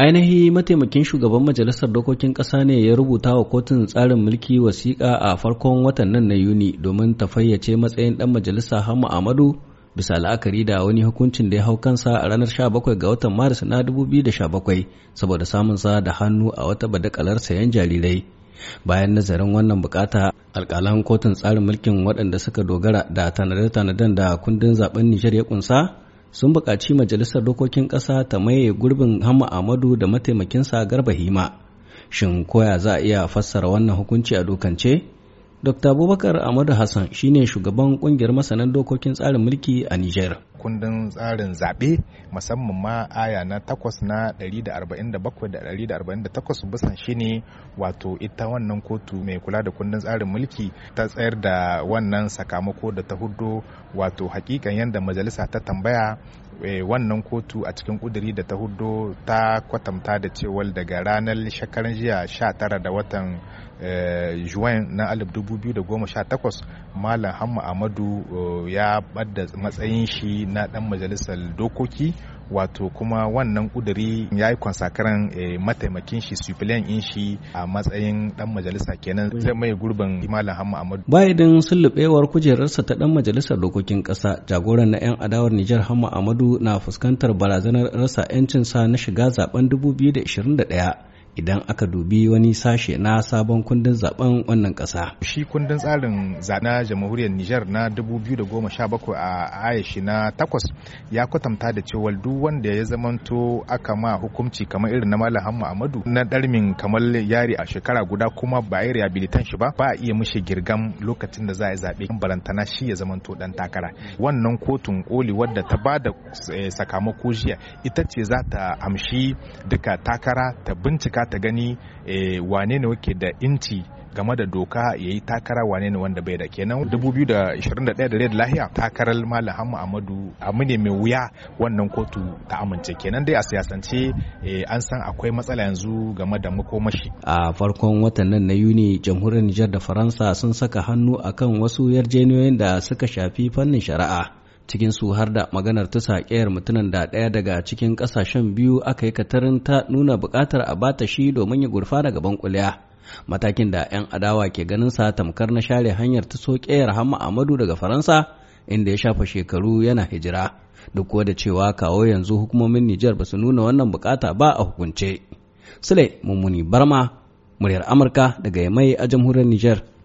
ainihi mataimakin shugaban majalisar dokokin ƙasa ne ya rubuta wa kotun tsarin mulki wasiƙa a farkon watan nan na yuni domin ta fayyace matsayin ɗan majalisa hamma amadu bisa la'akari da wani hukuncin da ya hau kansa a ranar 17 ga watan maris na 2017 saboda samun samunsa da hannu a wata badakalar sayan jarirai bayan nazarin wannan bukata alkalan kotun tsarin mulkin waɗanda suka dogara da tanade-tanaden da kundin zaben nijar ya kunsa sun buƙaci majalisar dokokin ƙasa ta maye gurbin Hamma Amadu da mataimakinsa Garba Hima. Shin koya za a iya fassara wannan hukunci a dokance? Dr. Abubakar Ahmadu Hassan shine shugaban kungiyar masanan dokokin tsarin mulki a Nijar. Kundin tsarin zaɓe musamman ma aya na takwas na 147 da 148 bisan shine wato ita wannan kotu mai kula da kundin tsarin mulki ta tsayar da wannan sakamako da ta hudu wato hakikan yadda majalisa ta tambaya eh, wannan kotu a cikin kuduri da ta hudu ta kwatanta da cewar daga ranar shekaran jiya 19 da watan Eh, juwan na 2018 malam hamma amadu eh, ya bada matsayin shi na dan majalisar dokoki wato kuma wannan kuduri ya yi kwansakaran eh, mataimakin shi sufilen in shi a matsayin dan majalisa kenan zai mai gurbin imalan hamma amadu bayan sulubewar kujerarsa ta dan majalisar dokokin kasa jagoran na yan adawar nijar hamma amadu na fuskantar barazanar rasa 'yancinsa na shiga zaben 2021 idan aka dubi wani sashe na sabon kundin zaben wannan kasa. Shi kundin tsarin zaɓe jamhuriyar Nijar na 2017 a ayashi na takwas ya kwatanta da cewa duk wanda ya zamanto aka ma hukumci kamar irin na Malam Hamma Amadu na ɗarmin kamar yari a shekara guda kuma ba a yi rehabilitan shi ba ba a iya mishi girgam lokacin da za a yi zaɓe balantana shi ya zamanto ɗan takara. Wannan kotun koli wadda ta ba da eh, sakamako jiya ita ce za ta amshi duka takara ta bincika doka ta gani eh, wane ne wake da inci game da doka ya yi takara wane ne wanda bai da kenan 2021 da red lahiya takarar malam hamma amadu abu ne mai wuya wannan kotu ta amince kenan dai a siyasance eh, an san akwai matsala yanzu game da makomashi a farkon watan nan na yuni jamhuriyar nijar da faransa sun saka hannu akan wasu yarjejeniyoyin da suka shafi fannin shari'a cikin su har da maganar ta saƙiyar mutumin da ɗaya daga cikin ƙasashen biyu aka yi katarin ta nuna buƙatar a bata shi domin ya gurfa daga bankuliya matakin da 'yan adawa ke ganin sa tamkar na share hanyar ta soƙiyar hamma amadu daga faransa inda ya shafa shekaru yana hijira duk da cewa kawo yanzu hukumomin nijar ba su nuna wannan bukata ba a hukunce sule mummuni barma muryar amurka daga yamai a jamhuriyar nijar